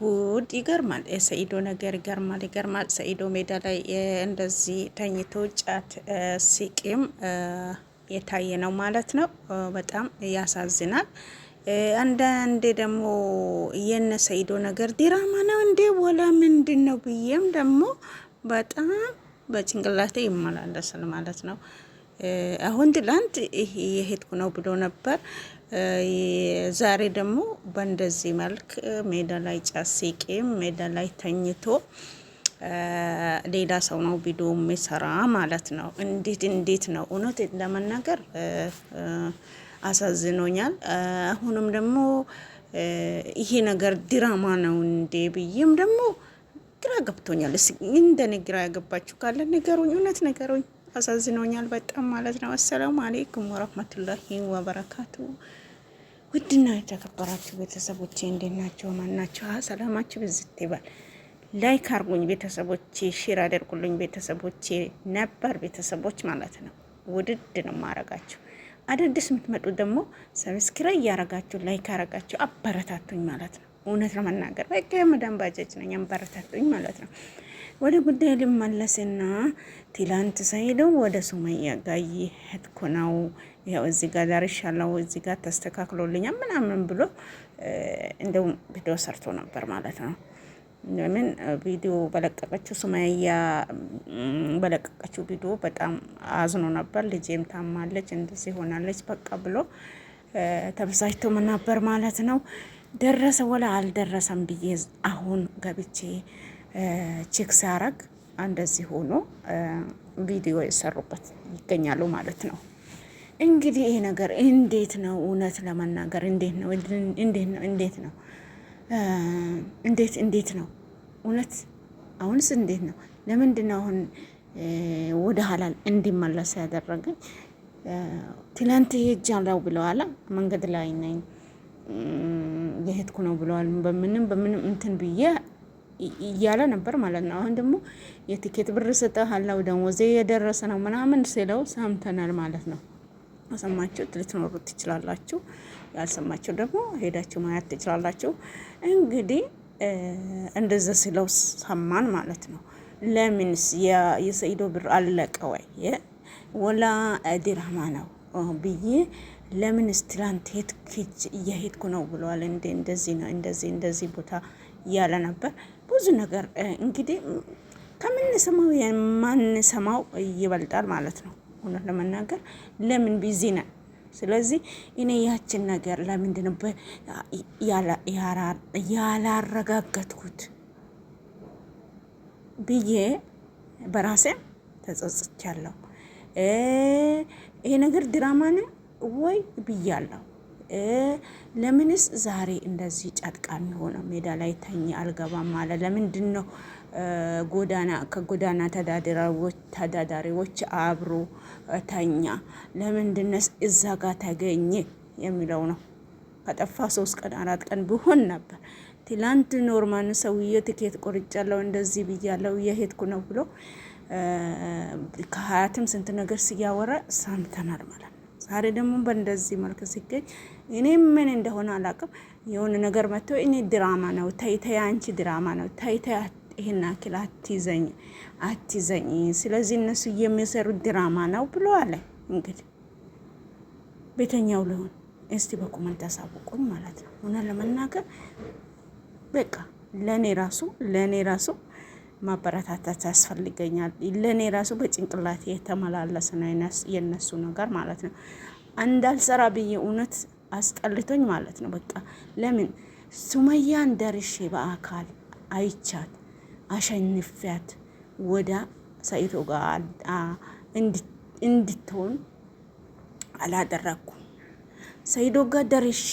ጉድ ይገርማል። የሰኢዶ ነገር ይገርማል ይገርማል። ሰኢዶ ሜዳ ላይ እንደዚህ ተኝቶ ጫት ሲቂም የታየ ነው ማለት ነው። በጣም ያሳዝናል። አንዳንዴ ደግሞ የነ ሰኢዶ ነገር ዲራማ ነው እንዴ ወላ ምንድን ነው ብዬም ደግሞ በጣም በጭንቅላቴ ይመላለሳል ማለት ነው። አሁን ትላንት ይሄ የሄድኩ ነው ብሎ ነበር። ዛሬ ደግሞ በእንደዚህ መልክ ሜዳ ላይ ጫት ሲቅም ሜዳ ላይ ተኝቶ ሌላ ሰው ነው ቪዲዮ የሚሰራ ማለት ነው። እንዴት እንዴት ነው እውነት ለመናገር አሳዝኖኛል። አሁንም ደግሞ ይሄ ነገር ድራማ ነው እንዴ ብዬም ደግሞ ግራ ገብቶኛል። እንደኔ ግራ ያገባችሁ ካለ ንገሩኝ፣ እውነት ንገሩኝ። አሳዝኖኛል በጣም ማለት ነው። አሰላሙ አሌይኩም ወረህመቱላሂ ወበረካቱ። ውድና የተከበራችሁ ቤተሰቦቼ እንዴት ናቸው? ማናቸው ሰላማችሁ ብዝት ይባል። ላይክ አርጉኝ ቤተሰቦቼ፣ ሼር አደርጉልኝ ቤተሰቦቼ፣ ነባር ቤተሰቦች ማለት ነው። ውድድ ነው ማረጋችሁ። አዳዲስ የምትመጡ ደግሞ ሰብስክራይብ እያረጋችሁ ላይክ አረጋችሁ አበረታቱኝ ማለት ነው። እውነት ለመናገር በቃ የመዳን ባጃጅ ነኝ፣ አበረታቱኝ ማለት ነው። ወደ ጉዳይ ልመለስና ትላንት ሰይደው ወደ ሱመያ ጋይ እየሄድኩ ነው፣ ያው እዚህ ጋር ደርሻለሁ፣ እዚህ ጋር ተስተካክሎልኛል ምናምን ብሎ እንደውም ቪዲዮ ሰርቶ ነበር ማለት ነው። ለምን ቪዲዮ በለቀቀችው ሱመያ በለቀቀችው ቪዲዮ በጣም አዝኖ ነበር። ልጄም ታማለች እንደዚህ ሆናለች በቃ ብሎ ተበሳጭቶም ነበር ማለት ነው። ደረሰ ወላ አልደረሰም ብዬ አሁን ገብቼ ቼክ ሲያረግ እንደዚህ ሆኖ ቪዲዮ የሰሩበት ይገኛሉ ማለት ነው። እንግዲህ ይሄ ነገር እንዴት ነው? እውነት ለመናገር እንዴት ነው? እንዴት ነው? እንዴት ነው? እንዴት እንዴት ነው? እውነት አሁንስ እንዴት ነው? ለምንድን ነው አሁን ወደ ሀላል እንዲመለስ ያደረገኝ? ትላንት ሄጃለሁ ብለዋል። መንገድ ላይ ነኝ የሄድኩ ነው ብለዋል። በምንም በምንም እንትን ብዬ እያለ ነበር ማለት ነው። አሁን ደግሞ የቲኬት ብር ስጥሃለው ደሞዜ የደረሰ ነው ምናምን ሲለው ሰምተናል ማለት ነው። ሰማችሁት ልትኖሩ ትችላላችሁ፣ ያልሰማችሁ ደግሞ ሄዳችሁ ማየት ትችላላችሁ። እንግዲህ እንደዚ ሲለው ሰማን ማለት ነው። ለምንስ የሰኢዶ ብር አለቀ ወይ ወላ ዲራማ ነው ብዬ ለምንስ ትላንት ሄድክ እየሄድኩ ነው ብለዋል። እንዴ እንደዚህ ነው እንደዚህ እንደዚህ ቦታ እያለ ነበር። ብዙ ነገር እንግዲህ ከምንሰማው የማንሰማው ይበልጣል ማለት ነው። እውነት ለመናገር ለምን ቢዚ ነን? ስለዚህ እኔ ያችን ነገር ለምንድን ያላረጋገጥኩት ብዬ በራሴ ተጸጽቻለሁ። ይሄ ነገር ድራማ ነው ወይ ብያለሁ። ለምንስ ዛሬ እንደዚህ ጫጥቃ የሚሆነው ሜዳ ላይ ተኝ አልገባም አለ። ለምንድን ነው ጎዳና ከጎዳና ተዳዳሪዎች አብሮ ተኛ? ለምንድነስ እዛ ጋር ተገኘ የሚለው ነው። ከጠፋ ሶስት ቀን አራት ቀን ብሆን ነበር። ትላንት ኖርማን ሰውዬ ትኬት ቆርጫለው እንደዚህ ብያለው የሄድኩ ነው ብሎ ከሀያትም ስንት ነገር ሲያወራ ሰምተናል ማለት ነው። ዛሬ ደግሞ በእንደዚህ መልክ ሲገኝ እኔ ምን እንደሆነ አላውቅም። የሆነ ነገር መጥቶ እኔ ድራማ ነው ተይተይ፣ አንቺ ድራማ ነው ተይተይ፣ ይህን አክል አትይዘኝ አትይዘኝ፣ ስለዚህ እነሱ የሚሰሩት ድራማ ነው ብሎ አለ። እንግዲህ ቤተኛው ልሆን እስቲ በኮመንት አሳውቁኝ ማለት ነው። ሆነ ለመናገር በቃ ለእኔ ራሱ ለእኔ ራሱ ማበረታታት ያስፈልገኛል። ለእኔ ራሱ በጭንቅላት የተመላለሰ ነው የነሱ ነገር ማለት ነው። እንዳልሰራ ብዬ እውነት አስጠልቶኝ ማለት ነው። በቃ ለምን ሱመያን ደርሼ በአካል አይቻት አሸንፊያት ወደ ሰይቶ ጋር እንድትሆን አላደረኩም። ሰይዶ ጋር ደርሼ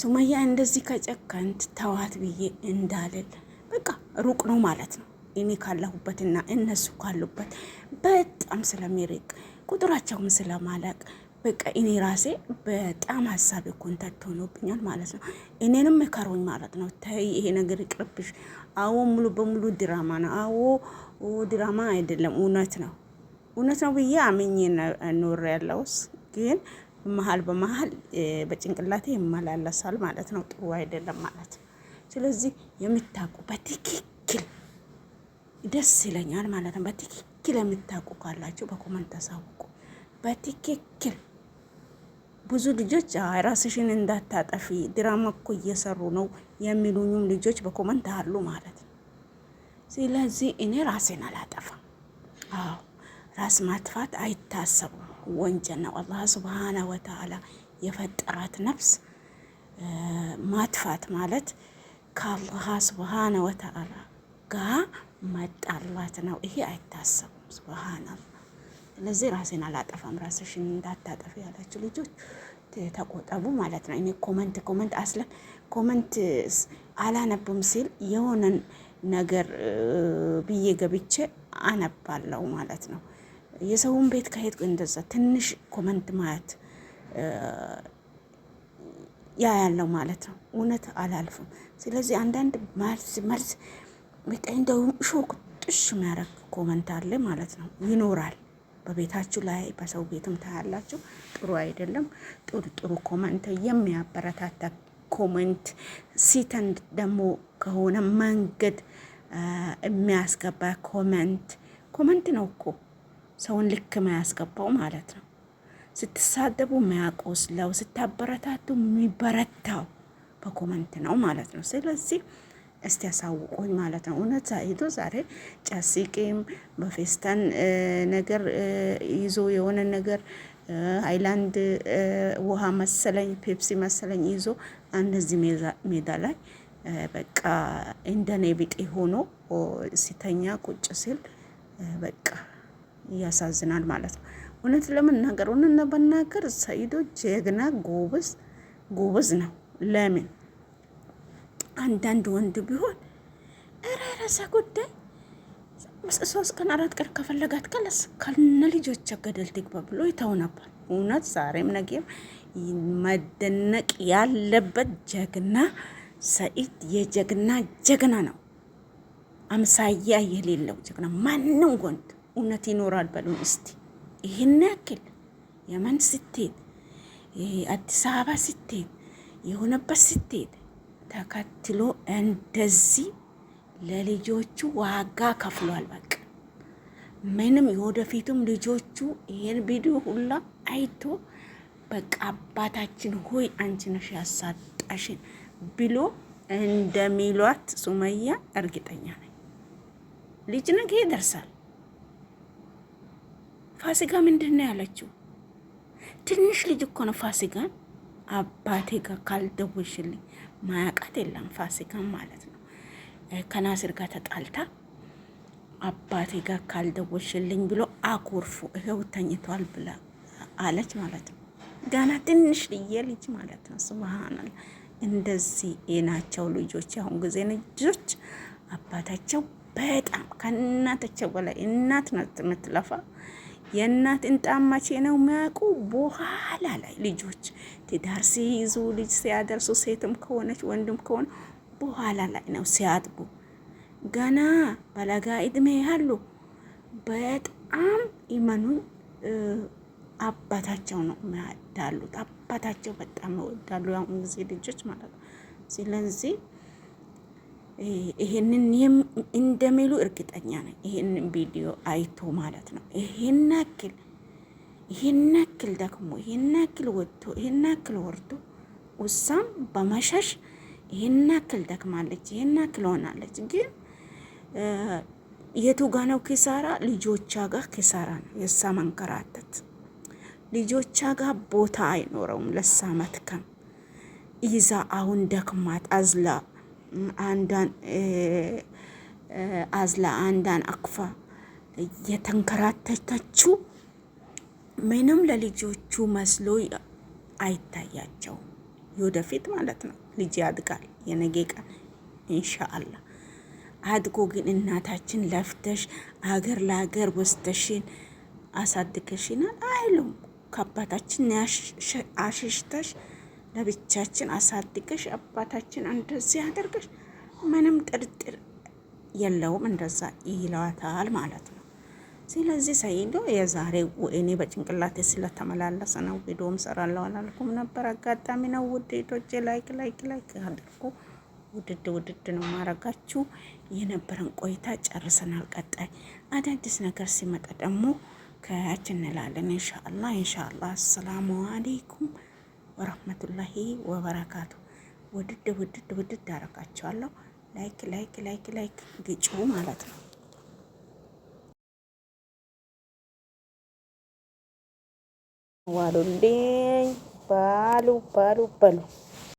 ሱመያ እንደዚህ ከጨከንት ተዋት ብዬ እንዳልል በቃ ሩቅ ነው ማለት ነው። እኔ ካለሁበትና እነሱ ካሉበት በጣም ስለሚርቅ ቁጥራቸውም ስለማለቅ በቃ እኔ ራሴ በጣም ሀሳብ ኮንታክት ሆኖብኛል ማለት ነው። እኔንም መከሮኝ ማለት ነው። ተይ ይሄ ነገር ይቅርብሽ። አዎ ሙሉ በሙሉ ድራማ ነው። አዎ ድራማ አይደለም፣ እውነት ነው። እውነት ነው ብዬ አምኜ ኖር ያለውስ ግን መሀል በመሀል በጭንቅላቴ ይመላለሳል ማለት ነው። ጥሩ አይደለም ማለት ነው። ስለዚህ የምታውቁ በትክክል ደስ ይለኛል ማለት ነው። በትክክል የምታውቁ ካላችሁ በኮመንት ተሳውቁ። በትክክል ብዙ ልጆች ራስሽን እንዳታጠፊ ድራማ እኮ እየሰሩ ነው የሚሉኝም ልጆች በኮመንት አሉ ማለት ነው። ስለዚህ እኔ ራሴን አላጠፋም። አዎ ራስ ማጥፋት አይታሰብም፣ ወንጀል ነው። አላህ ስብሓነ ወተዓላ የፈጠራት ነፍስ ማጥፋት ማለት ከአላህ ስብሓነ ወተዓላ ጋር መጣላት ነው። ይሄ አይታሰብም። ስብሓንላ ስለዚህ ራሴን አላጠፋም፣ ራስሽን እንዳታጠፍ ያላችሁ ልጆች ተቆጠቡ ማለት ነው። እኔ ኮመንት ኮመንት አስለን ኮመንት አላነብም ሲል የሆነን ነገር ብዬ ገብቼ አነባለው ማለት ነው። የሰውን ቤት ከሄድኩ እንደዛ ትንሽ ኮመንት ማየት ያ ያለው ማለት ነው። እውነት አላልፍም። ስለዚህ አንዳንድ መልስ መልስ በቃ እንደው ሾክ ጥሽ የሚያደርግ ኮመንት አለ ማለት ነው ይኖራል። በቤታችሁ ላይ በሰው ቤትም ታያላችሁ። ጥሩ አይደለም። ጥሩ ጥሩ ኮመንት የሚያበረታታ ኮመንት ሲተን ደግሞ ከሆነ መንገድ የሚያስገባ ኮመንት ኮመንት ነው እኮ ሰውን ልክ የማያስገባው ማለት ነው። ስትሳደቡ ሚያቆስለው፣ ስታበረታቱ የሚበረታው በኮመንት ነው ማለት ነው። ስለዚህ እስቲ ያሳውቁኝ ማለት ነው። እውነት ዛሄዶ ዛሬ ጫሲቄም በፌስታን ነገር ይዞ የሆነ ነገር ሃይላንድ ውሃ መሰለኝ ፔፕሲ መሰለኝ ይዞ እንደዚህ ሜዳ ላይ በቃ እንደኔ ቢጤ ሆኖ ሲተኛ ቁጭ ሲል በቃ ያሳዝናል ማለት ነው። እውነት ለመናገር እውነት ለመናገር ሰይዶ ጀግና ጎበዝ ጎበዝ ነው። ለምን አንዳንድ ወንድ ቢሆን እረ ረሰ ጉዳይ ሶስት ቀን አራት ቀን ከፈለጋት ቀለስ ከነ ልጆች ገደል ትግባ ብሎ ይተው ነበር። እውነት ዛሬም ነገም መደነቅ ያለበት ጀግና ሰኢድ የጀግና ጀግና ነው። አምሳያ የሌለው ጀግና ማንም ወንድ እውነት ይኖራል በሉን እስቲ። ይህን ያክል የመን ስትሄድ፣ አዲስ አበባ ስትሄድ፣ የሆነበት ስትሄድ ተከትሎ እንደዚህ ለልጆቹ ዋጋ ከፍሏል። በቃ ምንም የወደፊቱም ልጆቹ ይሄን ቪዲዮ ሁላ አይቶ በቃ አባታችን ሆይ አንቺ ነሽ ያሳጣሽን ብሎ እንደሚሏት ሱመያ እርግጠኛ ነኝ። ልጅ ነገ ይደርሳል። ፋሲጋ ምንድን ነው ያለችው? ትንሽ ልጅ እኮ ነው ፋሲጋ አባቴ ጋር ካልደወልሽልኝ ማያቃት የለም። ፋሲጋን ማለት ነው ከናስር ጋር ተጣልታ አባቴ ጋር ካልደወልሽልኝ ብሎ አኮርፎ ይኸው ተኝቷል ብላ አለች ማለት ነው። ገና ትንሽ ልዬ ልጅ ማለት ነው። ስብሃናላ እንደዚህ የናቸው ልጆች አሁን ጊዜ ልጆች አባታቸው በጣም ከእናታቸው በላይ እናት ነው የምትለፋ የእናት እንጣማቼ ነው የሚያውቁ? በኋላ ላይ ልጆች ትዳር ሲይዙ ልጅ ሲያደርሱ ሴትም ከሆነች ወንድም ከሆነ በኋላ ላይ ነው ሲያጥቡ። ገና በለጋ እድሜ ያሉ በጣም ይመኑን አባታቸው ነው የሚያዳሉት። አባታቸው በጣም ይወዳሉ። ያሁን ጊዜ ልጆች ማለት ነው። ስለዚህ ይሄንን እንደሚሉ እርግጠኛ ነኝ። ይሄንን ቪዲዮ አይቶ ማለት ነው። ይሄን አክል ይሄን አክል ደክሞ ይሄን አክል ወጥቶ ይሄን አክል ወርዶ ውሳም በመሸሽ ይሄን አክል ደክማለች፣ ይሄን አክል ሆናለች። ግን የቱ ጋ ነው ኪሳራ? ልጆቿ ጋር ኪሳራ ነው የእሷ መንከራተት። ልጆቿ ጋር ቦታ አይኖረውም ለእሷ መትከም። ይዛ አሁን ደክማት አዝላ አንዷን አዝላ አንዷን አቅፋ የተንከራተተችው ምንም ለልጆቹ መስሎ አይታያቸው። የወደፊት ማለት ነው። ልጅ ያድጋል። የነገ ቀን ኢንሻአላህ አድጎ ግን እናታችን ለፍተሽ አገር ለአገር ወስተሽን አሳድገሽናል አይሉም። ከአባታችን አሸሽተሽ ለብቻችን አሳድገሽ አባታችን እንደዚህ አደርገሽ ምንም ጥርጥር የለውም እንደዛ ይለዋታል ማለት ነው። ስለዚህ ሰይዶ የዛሬ እኔ በጭንቅላቴ ስለተመላለሰ ነው ቪዲዮም ሰራለሁ አላልኩም ነበር። አጋጣሚ ነው። ውድ ላይክ ላይክ ላይክ አድርጎ ውድድ ውድድ ነው ማረጋችሁ። የነበረን ቆይታ ጨርሰናል። ቀጣይ አዳዲስ ነገር ሲመጣ ደግሞ ከያች እንላለን። ኢንሻአላህ ኢንሻአላህ። አሰላሙ አሌይኩም ወረህመቱላሂ ወበረካቱ። ውድድ ውድድ ውድድ አረጋቸዋለሁ። ላይክ ላይክ ላይክ ላይክ ግጩ ማለት ነው። ዋሉልኝ ባሉ ባሉ በሉ